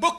mbokk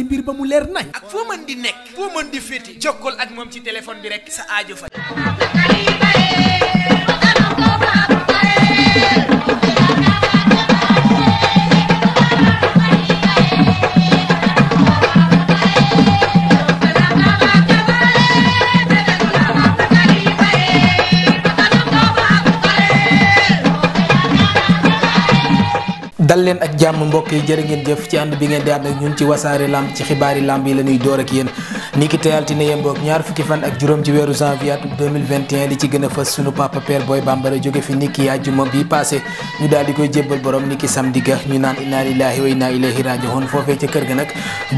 say mbir ba mu leer nañ ak foo mën di nekk foo mën di féeti jokkool ak moom ci téléphone bi rek sa aajo fa dal leen ak jàmm mbokk yi jërë ngeen jëf ci ànd bi ngeen di ànd ak ñun ci wasaare lamb ci xibaari lamb yi la ñuy door ak yéen niki tey altine yemboog ñaar fukki fan ak juróom ci weeru janvier atum 2021 li ci gën a fës sunu papa père Boy Bambara jóge fi niki àjjuma bi passé ñu daal di koy jébbal borom niki samedi ga ñu naan inna lillahi wa inna ilayhi raji'un foofee ca kër ga nag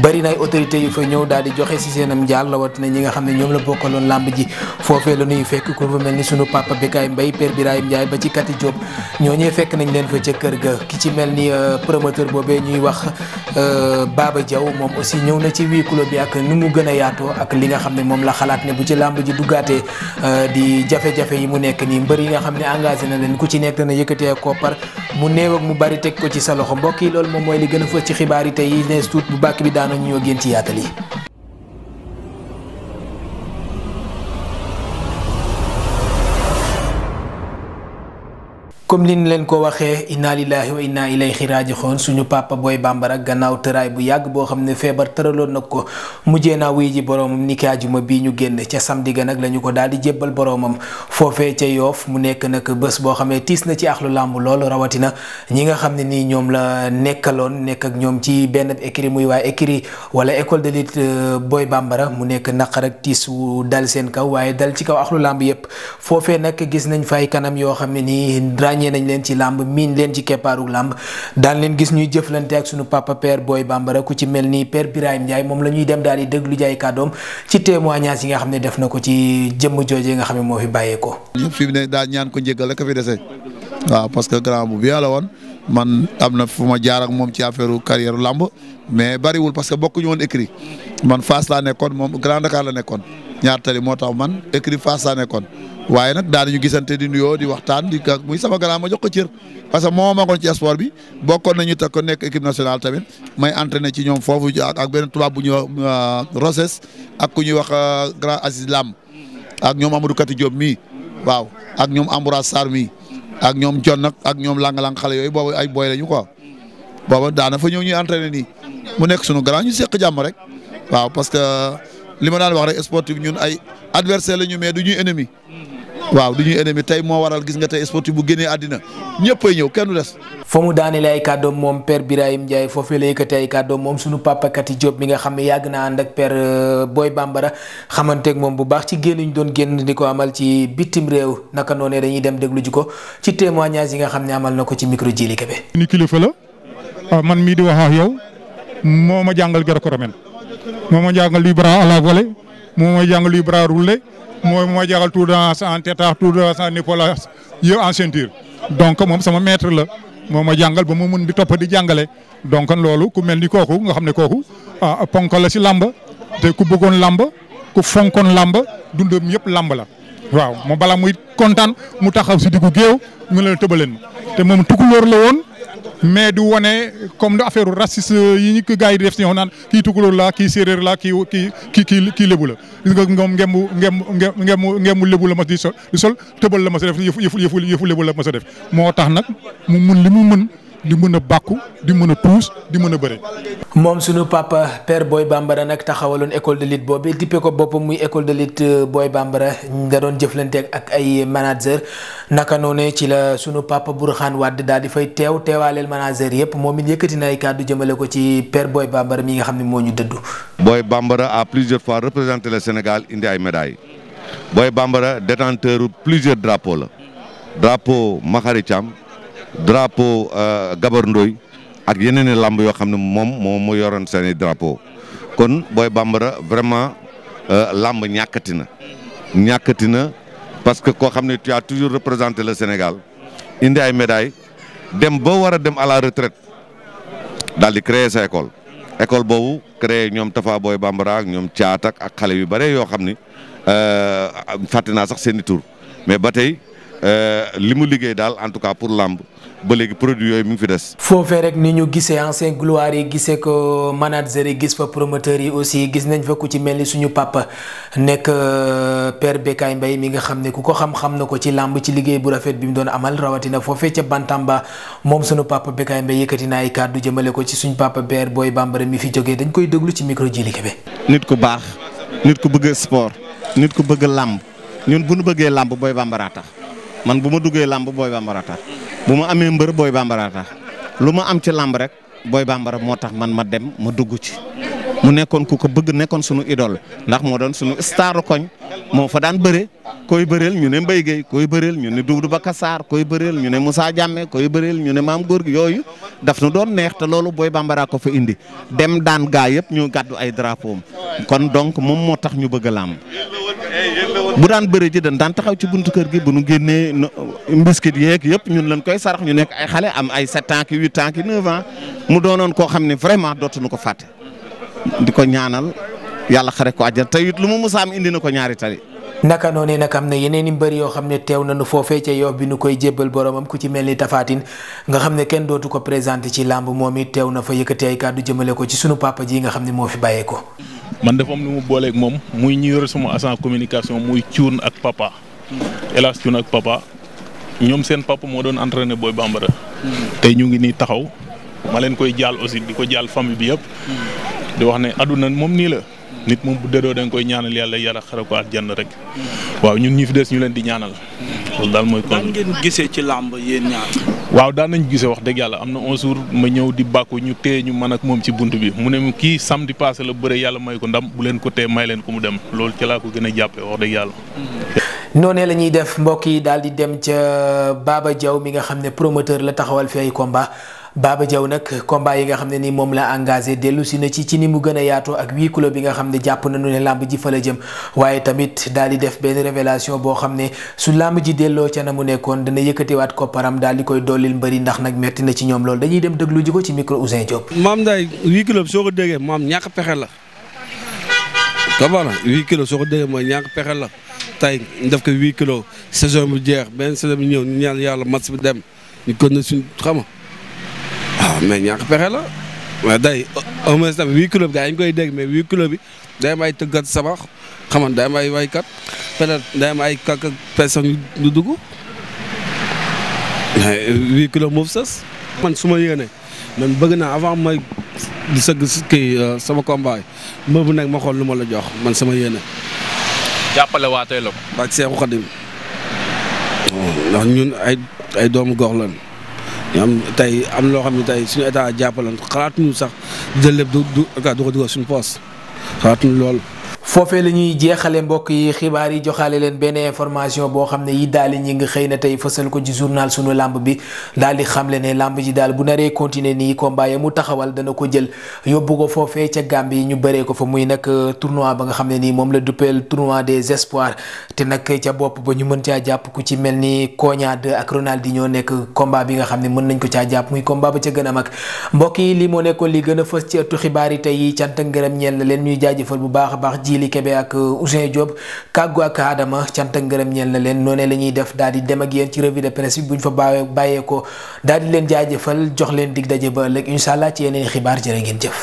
bari autorité yu fa ñëw daal joxe si seenam njaal rawatina ñi nga xam ne ñoom la bokkaloon làmb ji foofee la nuy fekk ku fa mel ni sunu papa Bekaay Mbaye père Birahim Ndiaye ba ci Kati Diop ñooñee fekk nañ euh, euh, na ci bi ak nu yaatoo ak li nga xam ne moom la xalaat ne bu ci làmb ji duggaatee euh, di jafe-jafe yi mu nekk nii mbër yi nga xam ne engagé na leen ku ci nekk dana yëkkatee ak koppar mu néew ak mu bari teg ko ci sa loxo mbokk yi loolu moom mooy li gën a fës ci xibaar yi tey yi nees tuut bu bàkk bi daana ñu ñoo génn ci yaatal yi comme liñ leen ko waxee inna lillahi wa inna ilayhi raji'un suñu papa booy bambara gannaaw tëraay bu yàgg boo xam ne feebar tëraloon nag ko mujjee naa wuy ji boroomam niki ajuma bii ñu génn ca samedi ga nag la ñu ko daal di jébbal boroomam foofee ca yoof mu nekk nag bës boo xamee ne tiis na ci axlu làmb lool rawatina ñi nga xam ne nii ñoom la nekkaloon nekk ak ñoom ci benn écrit muy waa écrit wala école de lutte euh, booy bambara mu nekk naqar ak tiis wu dal seen kaw waaye dal ci kaw axlu làmb yépp ràññee nañ leen ci làmb miin leen ci keppaaru làmb daan leen gis ñuy jëflante ak sunu papa père Boy Bambara ku ci mel ni père Birahim Ndiaye moom la ñuy dem daal di déglu jaay kàddoom ci témoignage yi nga xam ne def na ko ci jëmm jooje nga xam ne moo fi bàyyeeko ko. ñëpp fi ne daal ñaan ko njëggal rek fi dese waaw parce que grand bu bien la woon man am na fu ma jaar moom ci affaire carrière làmb mais bariwul parce que bokkuñu woon écrit man Fass laa nekkoon moom Grand Dakar la nekkoon. ñaar tali moo tax man écrit face laa nekkoon waaye nag daan nañu gisante di nuyoo di waxtaan di muy sama grand ma jox ko cër parce que moo ma ko ci sport bi bokkoon nañu te ko nekk équipe nationale tamit may entraîné ci ñoom foofu ak benn tubaab bu ñuy wax euh, Roses ak ku wax euh, grand Aziz Lam ak ñoom Amadou Kati Diop mii waaw ak ñoom Amboura Sarr mii ak ñoom John nag ak ñoom lang-lang xale yooyu boobu ay boy lañu quoi booba daana fa ñu ñuy entraîné nii mu nekk sunu gara ñu seq jàmm rek waaw parce que. li ma daan wax rek sportif ñun ay adversaire la ñu mais du ñuy ennemi. waaw du ñuy ennemi tey moo waral gis nga tey sportif bu génnee àddina ñëppay ñëw kenn du des. fa mu daanele ay kàddoom moom père Birahim Ndiaye foofee la yëkkate ay kàddoom moom suñu papa Kati Diop mi nga xam ne yàgg naa ànd ak père euh, Boy Bambara xamanteeg moom bu baax ci génn ñu doon génn di ko amal ci bitim réew naka noonee dañuy dem déglu ji ko ci témoignage yi nga xam ne amal na ko ci micro jili kebe. ni kilifa la ah, man mii di wax ak yow moo ma jàngal gërëm moom ma jàngal luy bras à la volée moom ma jàngal luy bras roulé moom ma jàngal tout dans en tétard donc moom sama maître la moom a jàngal ba mu mun di topp di jàngale donc loolu ku mel ni kooku nga xam ne kooku a ah, ponk si lamb te ku bëggoon làmb ku fonkoon làmb dundam yëpp làmb la. waaw moom balaa muy kontaan mu taxaw si diggu géew mu leen tëbaleen te moom tukulóor la woon. mais du wane comme du affaire raciste yi ñu ko gars yi di def si ñoom naan kii tukulóor la kii séeréer la kii kii kii kii kii lébu la gis nga moom la mas di sol di sol tëbal la mas a def yëfu lébu la mas a moo tax nag mu mun li mu mën di mën a bàkku di mën a tuus di mën a bëre. moom suñu papa père booy Bambara nag taxawaloon école de lutte boobu dippe ko boppam muy école de lutte euh, booy Bambara nga doon jëflante ak ay manager naka noonu ci la sunu papa Bourkhane Wade daal di fay teew teewaaleel manager yëpp moom it yëkkati na ay kàddu jëmale ko ci père Boy Bambara mi nga xam ne moo ñu dëddu. booy Bambara a plusieurs fois représenté la Sénégal indi ay médailles Boy Bambara détenteur plusieurs drapeaux la drapeau Makhari Thiam. drapeau euh, Gabar Ndoy ak yeneen i làmb yoo xam ne moom moom mu yoroon seen i drapeau kon booy Bambara vraiment euh, làmb ñàkkati na ñàkkati na parce que koo xam ne tu as toujours représenté le Sénégal indi ay médailles dem boo war a dem à la retraite daal di créer sa école école boobu créer ñoom tafaa booy Bambara ak ñoom Caat ak xale yu bare yoo xam ni euh, fàtte naa sax seen i mais ba tey li mu liggéey daal en tout cas pour làmb ba léegi produit yooyu mu ngi fi des. foofee rek ni ñu gisee ancien gloire yi gisee ko manager yi gis fa promoteur yi aussi gis nañ fa ku ci mel ni suñu papa nekk euh, père Bécaye Mbaye mi nga xam ne ku ko xam-xam na ko ci làmb ci liggéey bu rafet bi mu doon amal rawatina foofee ca Bantamba moom suñu papa Bécaye mbay yëkkati na ay kàddu jëmale ko ci suñu papa père booy Bambara mi fi jógee dañ koy déglu ci micro ji bi. nit ku baax nit ku bëgg sport nit ku bëgg làmb ñun bu nu bëggee làmb Boy Bambara man bu ma duggee làmb Boy Bambara bu ma amee mbër booy bambara lu ma am ci làmb rek booy bambara moo tax man ma dem ma dugg ci mu nekkoon ku ko bëgg nekkoon sunu idol ndax moo doon sunu star koñ moo fa daan bëre koy bëreel ñu ne Mbaye koy bëreel ñu ne Doudou ba kasaar koy bëreel ñu ne Moussa Diame koy bëreel ñu ne maam góor yooyu daf nu doon neex loolu booy bambara ko fa indi dem daan gaa yëpp ñu gàddu ay drapeaux kon donc moom moo tax ñu bëgg a làmb bu daan bëri ji dañ daan taxaw ci buntu kër gi bu nu génnee mbiskit yeeg yëpp ñun lañ koy sarax ñu nekk ay xale am ay sept ans ki huit ans ki neuf mu doonoon koo xam ne vraiment dootuñu ko fàtte di ko ñaanal yàlla xare ko àjjana te it lu mu musa am indi na ko ñaari tali naka noonee nag am na yeneen i mbër yoo xam ne teew nañu foofee ca yoof bi nu koy jébbal boromam ku ci mel ni tafaatin nga xam ne kenn dootu ko présenté ci làmb moom it teew na fa yëkkati ay kàddu jëmale ko ci sunu papa ji nga xam ne moo fi bàyyee ko man dafa am lu mu booleeg moom muy ñu yore sama agent communication muy cuun ak papa hélas cuun ak papa ñoom seen papa moo doon entraîné booy bambara hmm. te ñu ngi nii taxaw ma leen koy jaal aussi di ko jaal famille bi yëpp hmm. di wax ne aduna moom nii la. nit moom bu dédoo da nga koy ñaanal yàlla yàlla xare ko aljanna rek. waaw ñun ñi fi des ñu leen di ñaanal. loolu daal mooy. kon ngeen gisee ci làmb yéen ñaar. waaw daan nañ gisee wax dëgg yàlla am na un jour ma ñëw di bàkku ñu téye ñu man ak moom ci bunt bi mu ne kii samedi passé la bëre yàlla may ko ndam bu leen ko téye may leen ko mu dem loolu ci laa ko gën a jàppee wax dëgg yàlla. noonee la def mbokk yi daal di dem ca Baba Diaw bi nga xam ne promoteur la taxawal fi ay combat Baba Diaw nag combat yi nga xam ne nii moom la engagé dellu si na ci ci ni mu gën a yaatoo ak huis kilo bi nga xam ne jàpp nañu ne làmb ji fa la jëm waaye tamit daal di def benn révélation boo xam ne su làmb ji delloo ca na mu nekkoon dana yëkkatiwaat kopparam daal di koy dollil mbëri ndax nag metti na ci ñoom loolu dañuy dem déglu ji ko ci micro Ousin Diop. maam Nday huis clos soo ko déggee maam ñàkk pexe la. kabana huis clos soo ko déggee mooy ñàkk pexe la tey def ko huis clos saison bu jeex benn saison bi ñëw ñu ñaan yàlla match bi dem ñu na suñ xama waaw mais ñàkk pexe la mais day au moins tamit huit club gars koy dégg mais huit bi day am ay tëggat sabax xam nga day am ay waykat peut day am ay kak ak personnes yu dugg mais huit moom sës. man su ma yéene man bëgg naa avant may di sëgg kii euh, sama combat yi bu nekk ma xool lu ma la jox man sama yéene. jàppale waatee la ko. ak Seexu Xadim ndax ay ay doomu gox lañ. am tey am loo xam ne tey suñu état jàppalan xalaatuñu sax jël lépp du du du ko dugal suñu poos xalaatuñu loolu foofee la ñuy jeexale mbokk yi xibaar yi joxaale leen benn information boo xam ne yi daal di ñi nga xëy na tey fësal ko ci journal sunu làmb bi daal di xamle ne làmb ji daal bu naree continuer nii combat mu taxawal dana ko jël yóbbu ko foofee ca Gambie yi ñu bëree ko fa muy nag euh, tournoi ba nga xam ne nii moom la duppeel tournoi des espoirs te nag ca bopp ba ñu mën caa jàpp ku ci mel ni Koña 2 ak Ronaldinho nekk combat bi nga xam ne mën nañ ko caa jàpp muy komba ba ca gën a mag mbokk yi lii moo nekkoon li gën a fës ci ëttu xibaar yi tey cant ak ngërëm ñeel leen ñuy jaajëfal bu baax a baax Jili Kebe ak euh, Ousseyn Diop kàggu ak Adama cant ak ngërëm ñeel na leen noonee la ñuy def daal dem ak yéen ci revue de presse bi bu ñu fa bàyyee bàyyee ko daal di leen jaajëfal jox leen dig daje ba ëllëg incha allah ci yeneen xibaar jërë ngeen jëf.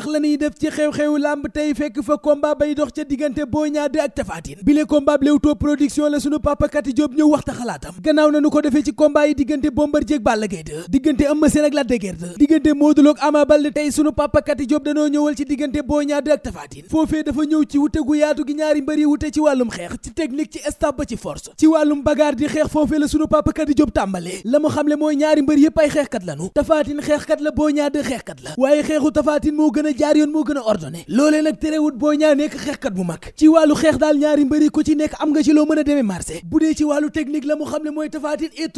yaraax la ñuy def fekk fa combat bay dox ca diggante Boy Niang 2 ak Tapha Tine bile combat la sunu papa Kati Diop ñëw waxta xalaatam gannaaw na ko defee ci combat yi diggante Bombardier ak Balla Gaye 2 diggante Eumeu Sène ak Lac de Guiers 2 diggante Modou Lo ak Ama Baldé tey sunu papa Kati Diop danoo ñëwal ci diggante Boy Niang ak Tapha Tine dafa ñëw ci wute gu yaatu gi ñaari mbër yi wute ci wàllum xeex ci technique ci staff ba ci force ci wàllum bagaar di xeex foofe la sunu papa Kati Diop tàmbalee la mu xamle mooy ñaari mbër yépp ay xeexkat lanu Tapha Tine xeexkat la Boy Niang 2 xeexkat la waaye xeexu Tapha Tine moo gën a a jaar yoon moo gën a ordonné loolee nag terewut booy ñaa nekk xeexkat bu mag ci wàllu xeex daal ñaari mbëri ku ci nekk am nga ci loo mën a demee marché bu ci wàllu technique la mu xam ne mooy Tapha Tine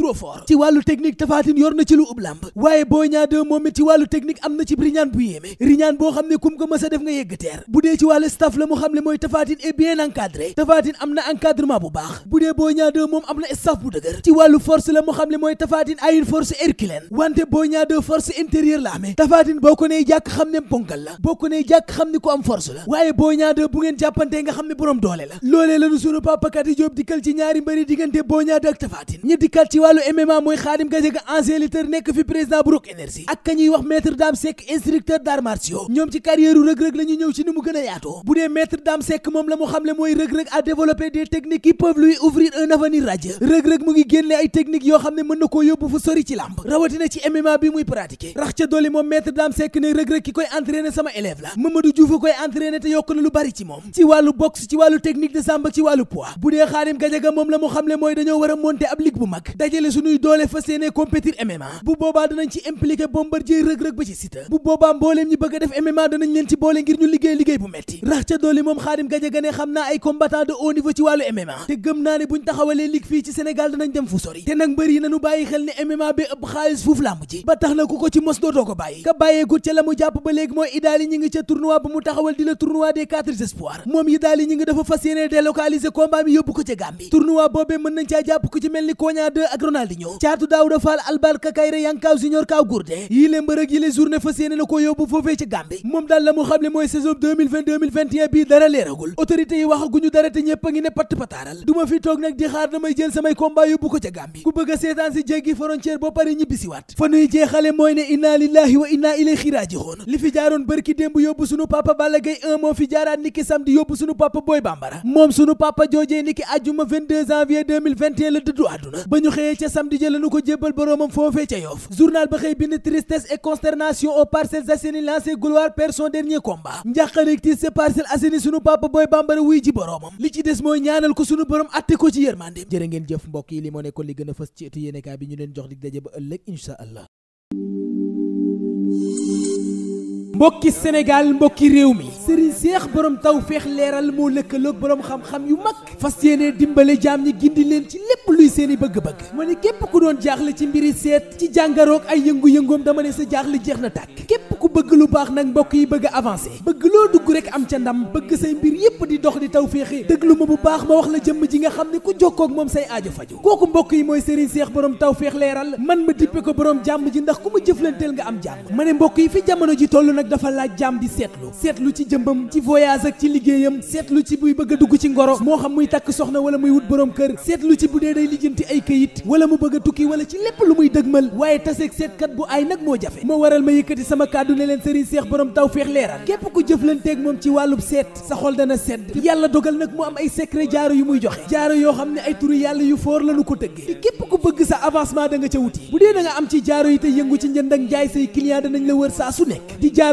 ci wàllu technique Tapha yor na ci lu ub làmb waaye booy ñaa de moom it ci wàllu technique am na ci riñaan bu yéeme riñaan boo xam ne kum ko def nga yegg teer bu ci wàllu staff la mu xam ne mooy Tapha Tine bien encadré Tapha xel la bokk ne jàkk xam ni ko am force la waaye Boy bu ngeen jàppantee nga xam ne borom doole la loolee lañu sunu papa Kati dikkal ci ñaari mbëri diggante Boy ak Tapha Tine dikkal ci wàllu MMA mooy Khadim Gadiaga ancien lutteur nekk fi président bu Rock ak ka ñuy wax maître Dame Seck instructeur d'arts ñoom ci carrière rëg-rëg la ñëw ci ni mu gën yaatoo bu dee maître Dame Seck moom la mu xamle mooy rëg-rëg à développer des techniques sama élève la Mamadou Diouf a koy entraîné te yokk na lu bari ci moom ci wàllu boxe ci wàllu technique de samba ci wàllu poids bu dee Khadim Gadiaga moom la mu xamle mooy dañoo war a monter ab ligue bu mag dajale suñuy doole fas yéene compétir MMA bu boobaa danañ ci impliqué Bombardier rëg-rëg ba ci Siteu bu booba mbooleem ñi bëgg a def MMA danañ leen ci boole ngir ñu liggéey liggéey bu metti rax ca doole moom Khadim Gadiaga ne xam naa ay combattant de haut buñ taxawalee ligue fii ci Sénégal danañ dem fu sori nag mbër yi nañu bàyyi xel ne xaalis fuuf làmb ji ba tax na ko ci mos dootoo ko bàyyi ka bàyyeegut la mu ba léegi mooy yi daali ngi ca tournoi ba mu taxawal di la tournoi des quatre espoirs moom yi daali ñi ngi dafa fas yéene délocaliser combat mi yóbbu ko ca Gambie tournoi boobee mën nañ caa jàpp ku ci mel ni Koña 2 ak Ronaldinho caatu Daouda Fall Albal Kakayre Yankaaw Junior Kaw Gourdé yii leen mbërëg yi les journée fas yéene na ko yóbbu foofee ca Gambie moom daal la mu xamle mooy saison bii dara leeragul autorité yi waxaguñu dara te ñépp ngi ne patt defoon démb yóbbu sunu papa Balla Gaye 1 fi jaaraat niki samedi yóbbu sunu papa Boy Bambara moom sunu papa joojee niki ajjuma janvier la dëddu àdduna ba ñu xëyee ca samedi ja lañu ko jébbal boroomam foofee ca Yoff journal ba xëy bind tristesse et consternation aux Parcelles Assainies lancé gloire perd dernier combat njàqareeg tiis Parcelles Assainies sunu papa Boy Bambara wuy ji boroomam li ci des mooy ñaanal ko sunu borom atte ko ci yërmande jërë mbokki Sénégal mbokki réew mi sëriñ seex borom taw feex leeral moo lëkkaloog boroom xam-xam yu mag fas yéene dimbale jaam ñi gindi leen ci lépp luy seeni bëgg-bëgg ma ne képp ku doon jaaxle ci mbir yi seet ci jàngaroog ay yëngu-yëngoom dama ne sa jaaxle jeex na tàkk képp ku bëgg lu baax nag mbokk yi bëgg a bëgg loo dugg rek am ca ndam bëgg say mbir yépp di dox di taw féexe déglu ma bu baax ma wax la jëmm ji nga xam ne ku jokkoo moom say aajo faju kooku mbokk yi mooy sëriñ seex borom taw feex leeral man ma dippe ko borom jàmm ji ndax ku ma jëflanteel nga am jàmm ma ne mbokk yi fi jamono ji toll nag dafa laaj jaam bi seetlu seetlu ci jëmbam ci voyage ak ci liggéeyam seetlu ci buy bëgg a dugg ci ngoro moo xam muy takk soxna wala muy wut borom kër seetlu ci bu dee day lijjanti ay këyit wala mu bëgg a tukki wala ci lépp lu muy dëgmal waaye taseeg seetkat bu ay nag moo jafe moo waral ma yëkkati sama kàddu ne leen Serigne Cheikh borom taw feex leeral képp ko jëflanteeg moom ci wàllub seet sa xol dana sedd yàlla dogal nag mu am ay secret jaaro yu muy joxe jaaro yoo xam ne ay turu yàlla yu foor lanu ko tëggee képp ku bëgg sa avancement da nga wuti bu dee am ci jaaro yi te yëngu ci njënd ak jaay say client danañ la wër saa su